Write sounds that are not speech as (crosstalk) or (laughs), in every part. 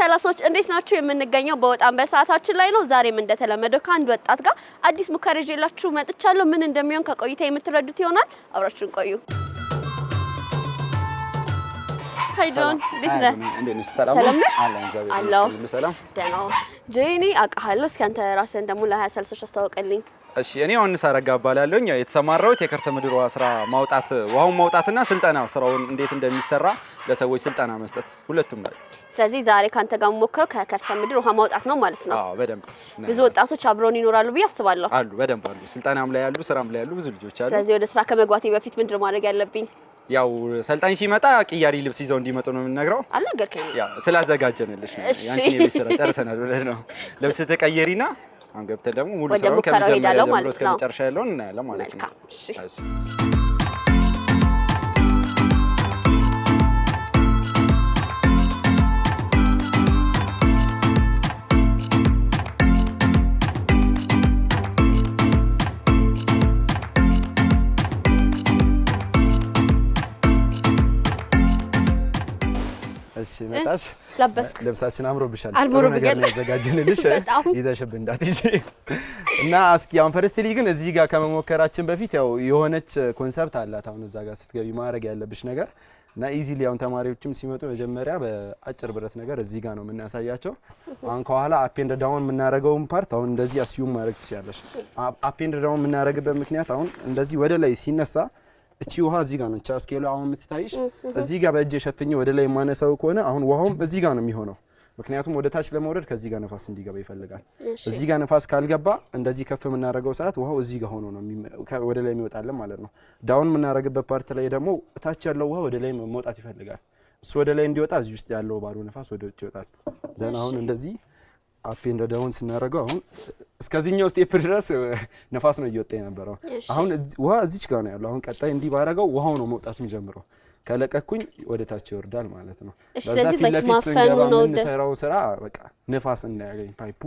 ሰላሶች እንዴት ናችሁ? የምንገኘው በወጣን በሰዓታችን ላይ ነው። ዛሬም እንደተለመደው ከአንድ ወጣት ጋር አዲስ ሙከራ ይዤላችሁ መጥቻለሁ። ምን እንደሚሆን ከቆይታ የምትረዱት ይሆናል። አብራችሁን ቆዩ። ሀይድሮን እንዴት የተሰማራሁት የከርሰ ምድር ውሃ ስራ ማውጣት ውሃውን ማውጣትና ስልጠና ስራውን እንዴት እንደሚሰራ ለሰዎች ስልጠና መስጠት ሁለቱም ላይ። ስለዚህ ዛሬ ካንተ ጋር የምሞክረው ከከርሰ ምድር ውሃ ማውጣት ነው ማለት ነው። አዎ በደንብ ብዙ ወጣቶች አብረውን ይኖራሉ ብዬ አስባለሁ። አሉ በደንብ አሉ። ስልጠናም ላይ ያሉ፣ ስራም ላይ ያሉ ብዙ ልጆች አሉ። ስለዚህ ወደ ስራ ከመግባቴ በፊት ምንድን ነው ማድረግ ያለብኝ? ያው ሰልጣኝ ሲመጣ ቅያሪ ልብስ ይዘው እንዲመጡ ነው የምንነግረው። አልነገርከኝ? ያው ስላዘጋጀንልሽ ነው። ያንቺ የቤት ስራ ጨርሰናል ብለን ነው (laughs) ልብስ ተቀየሪና አሁን ገብተን ደግሞ ሙሉ ስራው ከመጀመሪያ ጀምሮ እስከ መጨረሻ ያለውን እናያለን ማለት ነው። ሲመጣሽ ልብሳችን አምሮብሻል። ጥሩ ነገር ነው ያዘጋጀንልሽ (laughs) እንዳትሄጂ እና እስኪ አሁን እዚህ ጋር ከመሞከራችን በፊት ያው የሆነች ኮንሰፕት አላት። አሁን እዛ ጋር ስትገቢ ማድረግ ያለብሽ ነገር እና ኢዚሊ አሁን ተማሪዎችም ሲመጡ መጀመሪያ በአጭር ብረት ነገር እዚህ ጋር ነው የምናሳያቸው። አሁን ከኋላ አፔንድ ዳውን የምናደርገውን ፓርት አሁን እንደዚህ አስዩም ማድረግ አፔንድ ዳውን የምናደርግበት ምክንያት አሁን እንደዚህ ወደ ላይ ሲነሳ እቺ ውሃ እዚህ ጋር ነች። ስኬሉ አሁን የምትታይሽ እዚህ ጋር በእጅ የሸፍኜ ወደ ላይ የማነሳው ከሆነ አሁን ውሃውም እዚህ ጋር ነው የሚሆነው። ምክንያቱም ወደ ታች ለመውረድ ከዚህ ጋር ነፋስ እንዲገባ ይፈልጋል። እዚህ ጋር ነፋስ ካልገባ እንደዚህ ከፍ የምናደርገው ሰዓት ውሃው እዚህ ጋር ሆኖ ነው ወደ ላይ የሚወጣለን ማለት ነው። ዳውን የምናደርግበት ፓርት ላይ ደግሞ ታች ያለው ውሃ ወደ ላይ መውጣት ይፈልጋል። እሱ ወደ ላይ እንዲወጣ እዚህ ውስጥ ያለው ባዶ ነፋስ ወደ ውጭ ይወጣል። ደህና አሁን እንደዚህ እንደ ወደውን ስናደርገው አሁን እስከዚህኛው ስቴፕ ድረስ ነፋስ ነው እየወጣ የነበረው። አሁን ውሃ እዚች ጋር ነው ያለው። አሁን ቀጣይ እንዲህ ባረገው ውሃው ነው መውጣት የሚጀምረው። ከለቀኩኝ ወደ ታች ይወርዳል ማለት ነው። በዛ ፊት ለፊት ስንገባ የምንሰራው ስራ በቃ ንፋስ እንዳያገኝ ፓይፑ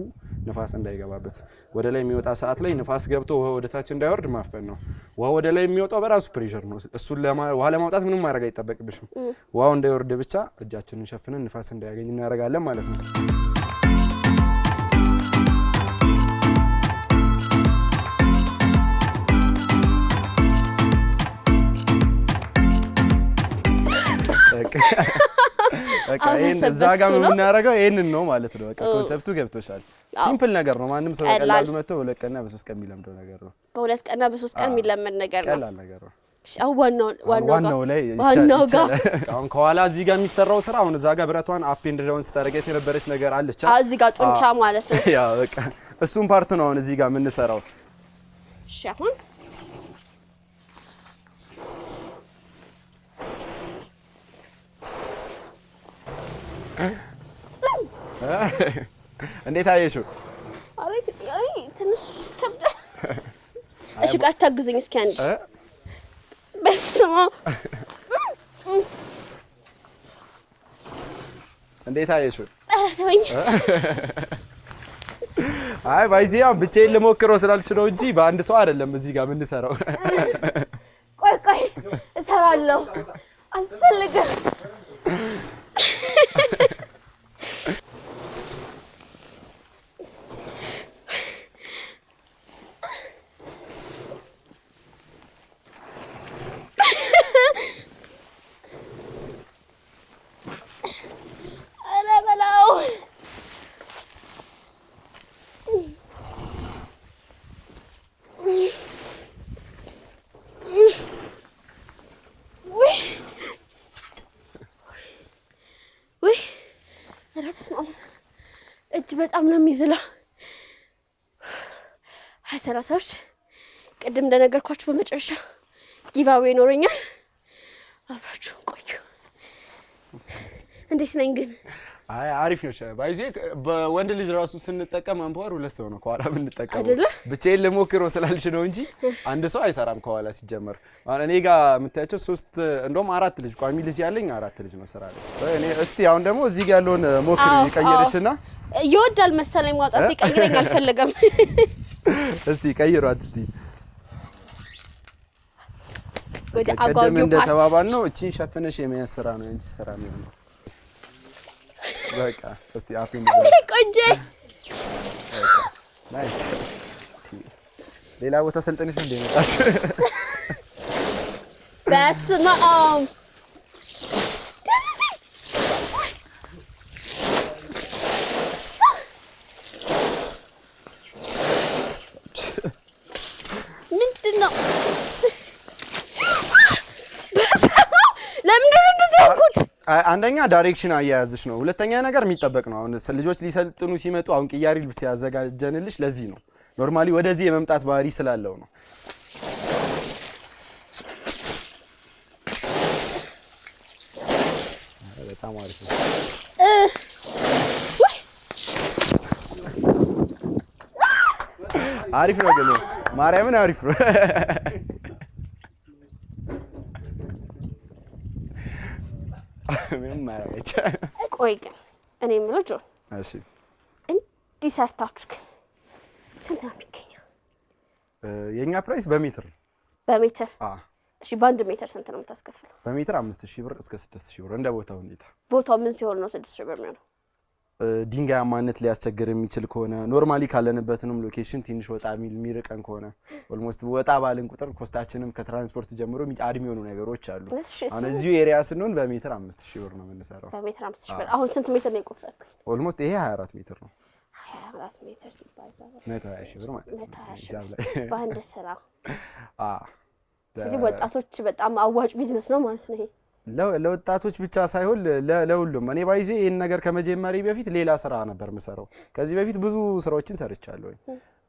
ንፋስ እንዳይገባበት፣ ወደ ላይ የሚወጣ ሰዓት ላይ ንፋስ ገብቶ ውሃ ወደ ታች እንዳይወርድ ማፈን ነው። ውሃ ወደ ላይ የሚወጣው በራሱ ፕሬሽር ነው። እሱን ውሃ ለማውጣት ምንም ማድረግ አይጠበቅብሽም። ውሃው እንዳይወርድ ብቻ እጃችንን ሸፍነን ንፋስ እንዳያገኝ እናደርጋለን ማለት ነው። በቃ ይሄን የምናደርገው ይሄንን ነው ማለት ነው። በቃ ኮንሰፕቱ ገብቶሻል። ሲምፕል ነገር ነው። ማንም ሰው በቀላሉ መጥቶ በሁለት ቀንና በሶስት ቀን የሚለምደው ነገር ነው። በሁለት ቀንና በሶስት ቀን የሚለመድ ነገር ነው። ቀላል ነገር ነው። ዋናው ላይ አሁን ከኋላ እዚህ ጋር የሚሰራው ስራ አሁን እዛ ጋር ብረቷን አፕ ኤንድ ዳውን ስታደርገት የነበረች ነገር አለች እዚህ ጋር ጡንቻ ማለት ነው። (laughs) ያው በቃ እሱም ፓርት ነው አሁን እዚህ ጋር የምንሰራው። እሺ አሁን እንዴት አየሽው? አይ ትንሽ ከብዳል። እሺ ቃ አታግዙኝ እስኪ አንዴ። በስመ አብ እንዴት አየሽው? ኧረ ተወኝ። አይ ባይዚያ ብቻዬን ልሞክረው ስላልሽ ነው እንጂ በአንድ ሰው አይደለም እዚህ ጋር የምንሰራው። ቆይ ቆይ እሰራለሁ። አልፈልግም እጅ በጣም ነው የሚዝላ ሀያ ሰላሳዎች ቅድም እንደነገርኳችሁ በመጨረሻ ጊቫዌ ይኖረኛል። አብራችሁን ቆዩ። እንዴት ነኝ ግን? አይ አሪፍ ነው። ባይዚ በወንድ ልጅ ራሱ ስንጠቀም አምፓወር ሁለት ሰው ነው ከኋላ የምንጠቀመው። ብቻዬን ልሞክረው ስላልሽ ነው እንጂ (laughs) አንድ ሰው አይሰራም ከኋላ ሲጀመር። እኔ ጋር የምታያቸው ሶስት እንደውም አራት ልጅ ቋሚ ልጅ ያለኝ አራት ልጅ መሰራለ። እኔ እስቲ አሁን ደግሞ እዚህ ጋር ያለውን ሞክር ይቀይርሽና ይወዳል መሰለኝ ማውጣት ይቀይረኝ አልፈለገም። (laughs) እስቲ ቀይሯት እስቲ ቅድም እንደተባባል ነው እቺን ሸፍነሽ የመያዝ ስራ ነው እንጂ ስራ ነው በቃ እስቲ አፍን ቆንጆ ናይስ። ሌላ ቦታ ሰልጠነሽ እንደ በስመ አብ አንደኛ ዳይሬክሽን አያያዝሽ ነው። ሁለተኛ ነገር የሚጠበቅ ነው። አሁን ልጆች ሊሰልጥኑ ሲመጡ አሁን ቅያሪ ልብስ ያዘጋጀንልሽ ለዚህ ነው። ኖርማሊ ወደዚህ የመምጣት ባህሪ ስላለው ነው። በጣም አሪፍ ነው። አሪፍ ነው ግን ማርያምን አሪፍ ነው። (laughs) (laughs) ምንም (laughs) ቆይ ግን እኔ የምለው ጆን፣ እሺ እንዲህ ሰርታችሁ ግን ስንት ነው የሚገኘው? የኛ ፕራይስ በሜትር ነው። በሜትር እሺ በአንድ ሜትር ስንት ነው የምታስከፍለው? በሜትር አምስት ሺህ ብር እስከ ስድስት ሺህ ብር እንደ ቦታው ሁኔታ። ቦታው ምን ሲሆን ነው ስድስት ሺህ ብር የሚሆነው? ድንጋያማነት ሊያስቸግር የሚችል ከሆነ ኖርማሊ ካለንበትንም ሎኬሽን ትንሽ ወጣ የሚርቀን ከሆነ ኦልሞስት ወጣ ባልን ቁጥር ኮስታችንም ከትራንስፖርት ጀምሮ አድ የሆኑ ነገሮች አሉ። አሁን እዚሁ ኤሪያ ስንሆን በሜትር አምስት ሺህ ብር ነው የምንሰራው። አሁን ስንት ሜትር ነው የቆፈርኩት? ኦልሞስት ይሄ ሀያ አራት ሜትር ነው። ሜትር መቶ ሀያ ሺህ ብር ማለት ነው ሂሳብ ላይ በአንድ ስራ። (laughs) ስለዚህ ወጣቶች በጣም አዋጭ ቢዝነስ ነው ማለት ነው ይሄ ለወጣቶች ብቻ ሳይሆን ለሁሉም። እኔ ባይዞ ይህን ነገር ከመጀመሪ በፊት ሌላ ስራ ነበር የምሰራው። ከዚህ በፊት ብዙ ስራዎችን ሰርቻለሁ።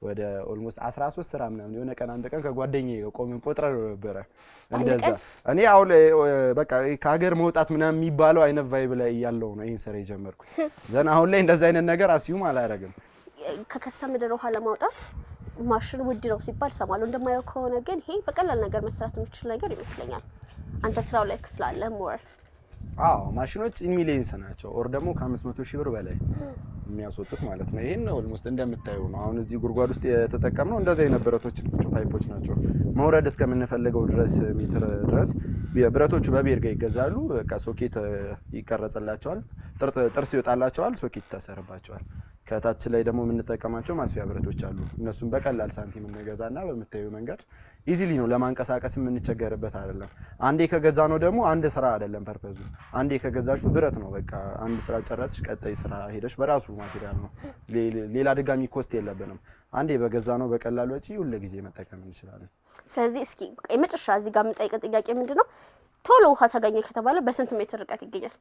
ወደ ኦልሞስት 13 ስራ ምናምን የሆነ ቀን አንድ ቀን ከጓደኛዬ ጋር ቆጥረ ነበረ። እንደዛ እኔ አሁን በቃ ከሀገር መውጣት ምናምን የሚባለው አይነት ቫይብ ላይ እያለሁ ነው ይህን ስራ የጀመርኩት። (laughs) ዘን አሁን ላይ እንደዛ አይነት ነገር አስዩም አላደርግም። ከከርሰ ምድር ውሃ ለማውጣት ማሽን ውድ ነው ሲባል ሰማለሁ። እንደማየው ከሆነ ግን ይሄ በቀላል ነገር መሰራት የሚችል ነገር ይመስለኛል። አንተ ስራው ላይ ክስላለ ሞር አዎ ማሽኖች ኢንሚሊየንስ ናቸው። ኦር ደግሞ ከ500 ሺህ ብር በላይ የሚያስወጡት ማለት ነው። ይሄን ኦልሞስት እንደምታዩ ነው። አሁን እዚህ ጉድጓድ ውስጥ የተጠቀምነው እንደዚህ አይነት ብረቶች ናቸው፣ ፓይፖች ናቸው። መውረድ እስከምንፈልገው ድረስ ሜትር ድረስ ብረቶቹ በቤርጋ ይገዛሉ። በቃ ሶኬት ይቀረጽላቸዋል፣ ጥርስ ይወጣላቸዋል፣ ሶኬት ይታሰርባቸዋል። ከታች ላይ ደግሞ የምንጠቀማቸው ማስፊያ ብረቶች አሉ። እነሱም በቀላል ሳንቲም እንገዛና በምታዩ መንገድ ኢዚሊ ነው ለማንቀሳቀስ የምንቸገርበት አይደለም። አንዴ ከገዛ ነው ደግሞ አንድ ስራ አይደለም ፐርፐዙ። አንዴ ከገዛሹ ብረት ነው በቃ አንድ ስራ ጨረስሽ፣ ቀጣይ ስራ ሄደሽ በራሱ ማቴሪያል ነው። ሌላ ድጋሚ ኮስት የለብንም። አንዴ በገዛ ነው በቀላል ወጪ ሁሉ ጊዜ መጠቀም እንችላለን። ስለዚህ እስኪ የመጨረሻ እዚህ ጋር የምንጠይቀው ጥያቄ ምንድነው? ቶሎ ውሃ ታገኘ ከተባለ በስንት ሜትር ርቀት ይገኛል?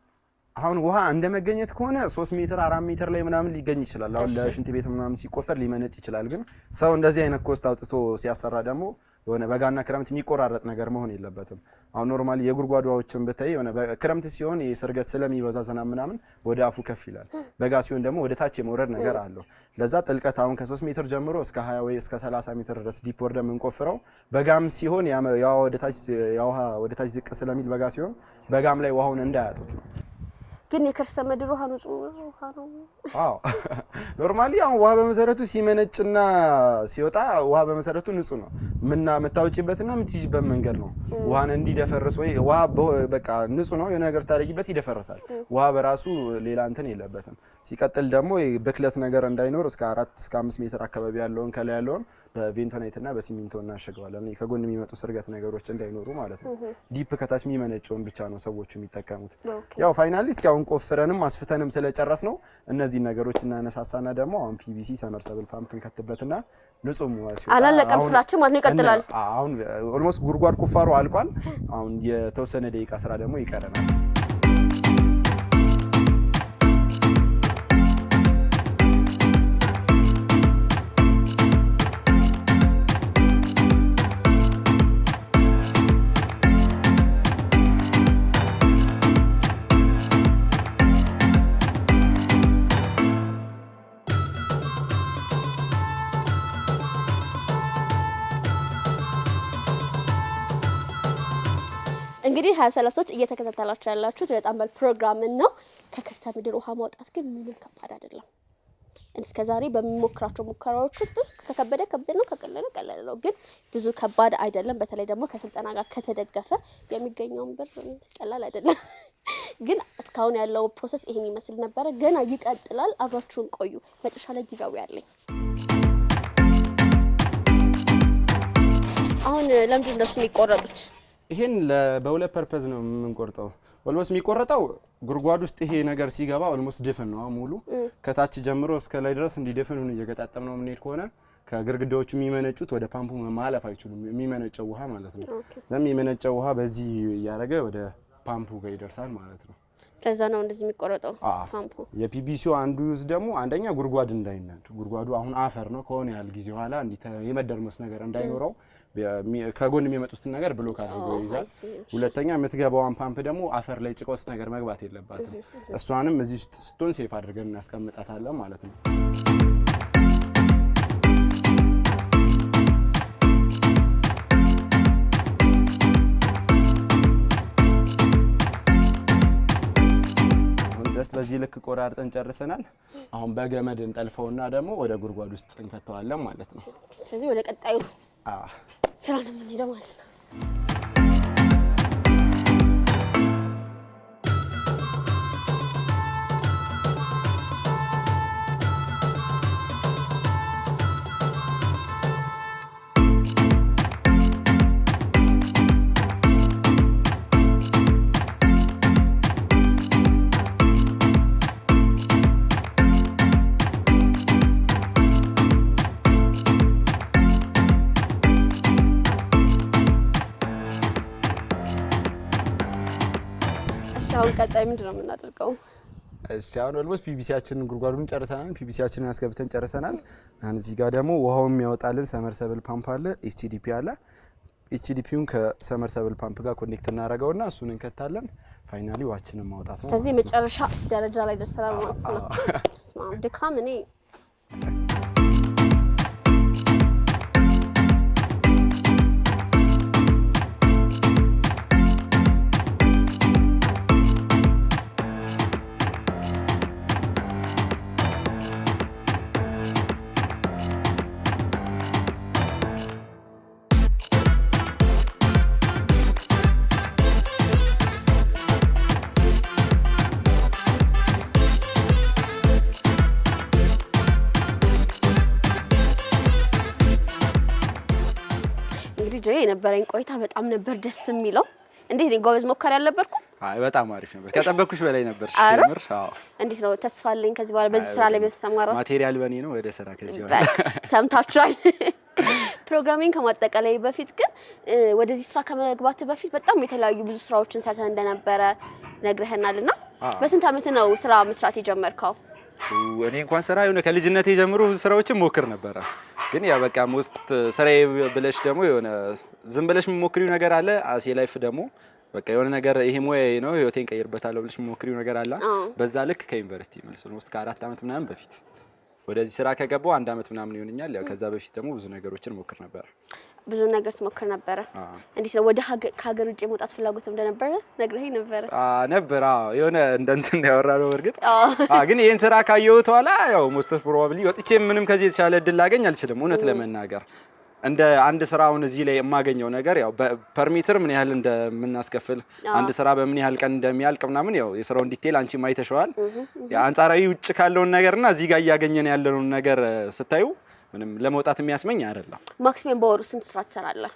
አሁን ውሃ እንደ መገኘት ከሆነ ሶስት ሜትር አራት ሜትር ላይ ምናምን ሊገኝ ይችላል። አሁን ለሽንት ቤት ምናምን ሲቆፈር ሊመነጭ ይችላል። ግን ሰው እንደዚህ አይነት ኮስት አውጥቶ ሲያሰራ ደግሞ የሆነ በጋና ክረምት የሚቆራረጥ ነገር መሆን የለበትም። አሁን ኖርማሊ የጉድጓዷዎችን ብታይ የሆነ ክረምት ሲሆን የሰርገት ስለሚበዛ ዝናብ ምናምን ወደ አፉ ከፍ ይላል። በጋ ሲሆን ደግሞ ወደ ታች የመውረድ ነገር አለው። ለዛ ጥልቀት አሁን ከ3 ሜትር ጀምሮ እስከ 20 ወይ እስከ 30 ሜትር ድረስ ዲፕ ወርደ የምንቆፍረው በጋም ሲሆን ያው ወደ ታች ዝቅ ስለሚል በጋ ሲሆን በጋም ላይ ውሃውን እንዳያጡት ነው ግን የከርሰ ምድር ውሃ ንጹህ ውሃ ነው። አዎ (laughs) ኖርማሊ አሁን ውሃ በመሰረቱ ሲመነጭና ሲወጣ ውሃ በመሰረቱ ንጹህ ነው። ምና የምታወጪበትና የምትይዥበት መንገድ ነው ውሃን እንዲደፈርስ ወይ ውሃ በቃ ንጹህ ነው የሆነ ነገር ስታደርጊበት ይደፈርሳል። ውሃ በራሱ ሌላ እንትን የለበትም። ሲቀጥል ደግሞ ብክለት ነገር እንዳይኖር እስከ አራት እስከ አምስት ሜትር አካባቢ ያለውን ከላይ ያለውን በቬንቶናይትና በሲሚንቶ እናሽገዋለን። ከጎን የሚመጡ ስርገት ነገሮች እንዳይኖሩ ማለት ነው። ዲፕ ከታች የሚመነጨውን ብቻ ነው ሰዎቹ የሚጠቀሙት። ያው ፋይናሊ እስኪ አሁን ቆፍረንም አስፍተንም ስለጨረስ ነው እነዚህ ነገሮች እናነሳሳና ደግሞ አሁን ፒቪሲ ሰመርሰብል ፓምፕ እንከትበትና ንጹህ ሙዋሲ አላለቀም ስራችን ማለት ነው። ይቀጥላል። አሁን ኦልሞስት ጉድጓድ ቁፋሮ አልቋል። አሁን የተወሰነ ደቂቃ ስራ ደግሞ ይቀረናል። ሀያ ሰላሳዎች እየተከታተላችሁ ያላችሁት በጣም በል ፕሮግራምን ነው። ከከርሰ ምድር ውሃ ማውጣት ግን ምንም ከባድ አይደለም። እስከ ዛሬ በሚሞክራቸው ሙከራዎች ውስጥ ብዙ ከከበደ ከበደ ነው፣ ከቀለለ ቀለለ ነው። ግን ብዙ ከባድ አይደለም። በተለይ ደግሞ ከስልጠና ጋር ከተደገፈ የሚገኘውን ብር ቀላል አይደለም። (laughs) ግን እስካሁን ያለው ፕሮሰስ ይሄን ይመስል ነበረ። ገና ይቀጥላል። አብራችሁን ቆዩ። መጨረሻ ላይ ጊዜያዊ ያለኝ አሁን ለምንድን እንደሱ የሚቆረጡት ይሄን በሁለት ፐርፐዝ ነው የምንቆርጠው። ኦልሞስት የሚቆረጠው ጉርጓድ ውስጥ ይሄ ነገር ሲገባ ኦልሞስት ድፍን ነው ሙሉ ከታች ጀምሮ እስከ ላይ ድረስ ድፍን ሁን እየገጣጠም ነው የምንሄድ ከሆነ ከግርግዳዎቹ የሚመነጩት ወደ ፓምፑ ማለፍ አይችሉም። የሚመነጨው ውሃ ማለት ነው። ዘም የሚመነጨው ውሃ በዚህ እያደረገ ወደ ፓምፑ ጋር ይደርሳል ማለት ነው። ከዛ ነው እንደዚህ የሚቆረጠው ፓምፑ። የፒቢሲው አንዱ ዩዝ ደግሞ አንደኛ ጉርጓድ እንዳይነድ፣ ጉርጓዱ አሁን አፈር ነው ከሆነ ያህል ጊዜ በኋላ የመደርመስ ነገር እንዳይኖረው ከጎን የሚመጡትን ነገር ብሎክ አድርጎ ይይዛል። ሁለተኛ የምትገባዋን ፓምፕ ደግሞ አፈር ላይ ጭቃ ውስጥ ነገር መግባት የለባትም። እሷንም እዚህ ስትሆን ሴፍ አድርገን እናስቀምጣታለን ማለት ነው። በዚህ ልክ ቆራርጠን ጨርሰናል። አሁን በገመድ እንጠልፈውና ደግሞ ወደ ጉድጓድ ውስጥ እንከተዋለን ማለት ነው። ስለዚህ ወደ ቀጣዩ ስራ ነው የምንሄደው ማለት ነው። ቀጣይ ምንድን ነው የምናደርገው? እሺ አሁን ኦልሞስት ፒቢሲያችንን ጉድጓዱን ጨርሰናል። ፒቢሲያችንን አስገብተን ጨርሰናል። አሁን እዚህ ጋር ደግሞ ውሃውን የሚያወጣልን ሰመርሰብል ፓምፕ አለ፣ ኤችዲፒ አለ። ኤችዲፒውን ከሰመርሰብል ፓምፕ ጋር ኮኔክት እናደርገውና እሱን እንከታለን። ፋይናሊ ዋችንን ማውጣት ነው። ስለዚህ መጨረሻ ደረጃ ላይ ደርሰናል ማለት ነው። ድካም እኔ የነበረኝ ቆይታ በጣም ነበር ደስ የሚለው። እንዴት ነው ጎበዝ፣ ሞከር ያልነበርኩ? አይ በጣም አሪፍ ነበር፣ ከጠበቅኩሽ በላይ ነበር። አዎ። እንዴት ነው? ተስፋ አለኝ ከዚህ በኋላ በዚህ ስራ ላይ መሰማራት። ማቴሪያል በኔ ነው ወደ ስራ ከዚህ በኋላ ሰምታችኋል። ፕሮግራሚንግ ከማጠቃላይ በፊት ግን ወደዚህ ስራ ከመግባት በፊት በጣም የተለያዩ ብዙ ስራዎችን ሰርተን እንደነበረ ነግረህናልና በስንት አመት ነው ስራ መስራት የጀመርከው? እኔ እንኳን ስራ የሆነ ከልጅነቴ ጀምሮ ስራዎችን ሞክር ነበረ። ግን ያ በቃ ውስጥ ስራ ብለሽ ደግሞ የሆነ ዝም ብለሽ የምሞክሪው ነገር አለ። አሴ ላይፍ ደግሞ በቃ የሆነ ነገር ይሄ ሙያ ነው ህይወቴን ቀይርበታለሁ ብለሽ የምሞክሪው ነገር አለ። በዛ ልክ ከዩኒቨርሲቲ መልስ ውስጥ ከአራት ዓመት ምናምን በፊት ወደዚህ ስራ ከገባው አንድ ዓመት ምናምን ይሆንኛል። ያው ከዛ በፊት ደግሞ ብዙ ነገሮችን ሞክር ነበር። ብዙ ነገር ትሞክር ነበረ። እንዴት ነው ወደ ከሀገር ውጭ የመውጣት ፍላጎት እንደነበረ ነግረኸኝ ነበረ ነበር። የሆነ እንደ እንትን ያወራ ነው። እርግጥ ግን ይህን ስራ ካየሁት ኋላ ያው ሞስት ፕሮባብሊ ወጥቼ ምንም ከዚህ የተሻለ እድል ላገኝ አልችልም፣ እውነት ለመናገር እንደ አንድ ስራ አሁን እዚህ ላይ የማገኘው ነገር ያው ፐርሜትር ምን ያህል እንደምናስከፍል አንድ ስራ በምን ያህል ቀን እንደሚያልቅ ምናምን ያው የስራውን ዲቴል አንቺ ማይተሸዋል። አንጻራዊ ውጭ ካለውን ነገርና እዚህ ጋር እያገኘን ያለውን ነገር ስታዩ ምንም ለመውጣት የሚያስመኝ አይደለም። ማክሲመም በወሩ ስንት ስራ ትሰራለህ?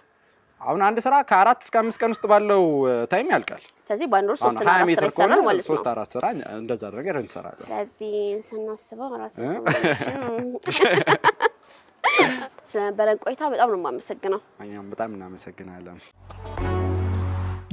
አሁን አንድ ስራ ከአራት እስከ አምስት ቀን ውስጥ ባለው ታይም ያልቃል። ስለዚህ በአንድ ወር ሶስት ሀያ ሜትር ከሆነ ሶስት አራት ስራ እንደዛ አድርገን እንሰራለን። ስለዚህ ስናስበው (laughs) ስለነበረን ቆይታ በጣም ነው የማመሰግነው። እኛም በጣም እናመሰግናለን።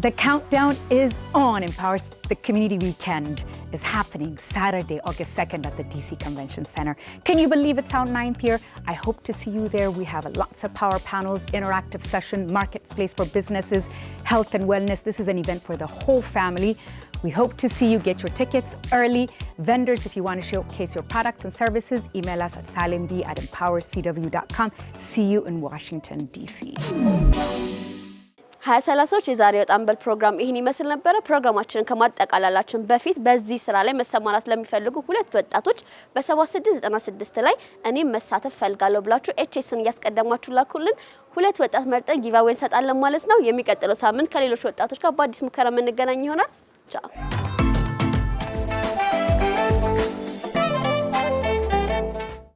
The countdown is on. Empowers the Community Weekend is happening Saturday, August 2nd at the DC Convention Center. Can you believe it's our ninth year? I hope to see you there. We have lots of power panels, interactive session, marketplace for businesses, health and wellness. This is an event for the whole family. We hope to see you get your tickets early. Vendors, if you want to showcase your products and services, email us at salimb at empowercw.com. See you in Washington, D.C. ሀያ ሰላሳዎች የዛሬ ወጣንበል ፕሮግራም ይህን ይመስል ነበረ። ፕሮግራማችንን ከማጠቃላላችን በፊት በዚህ ስራ ላይ መሰማራት ለሚፈልጉ ሁለት ወጣቶች በ7696 ላይ እኔም መሳተፍ ፈልጋለሁ ብላችሁ ኤችኤስን እያስቀደማችሁ ላኩልን። ሁለት ወጣት መርጠን ጊቫዌ እንሰጣለን ማለት ነው። የሚቀጥለው ሳምንት ከሌሎች ወጣቶች ጋር በአዲስ ሙከራ የምንገናኝ ይሆናል። ቻው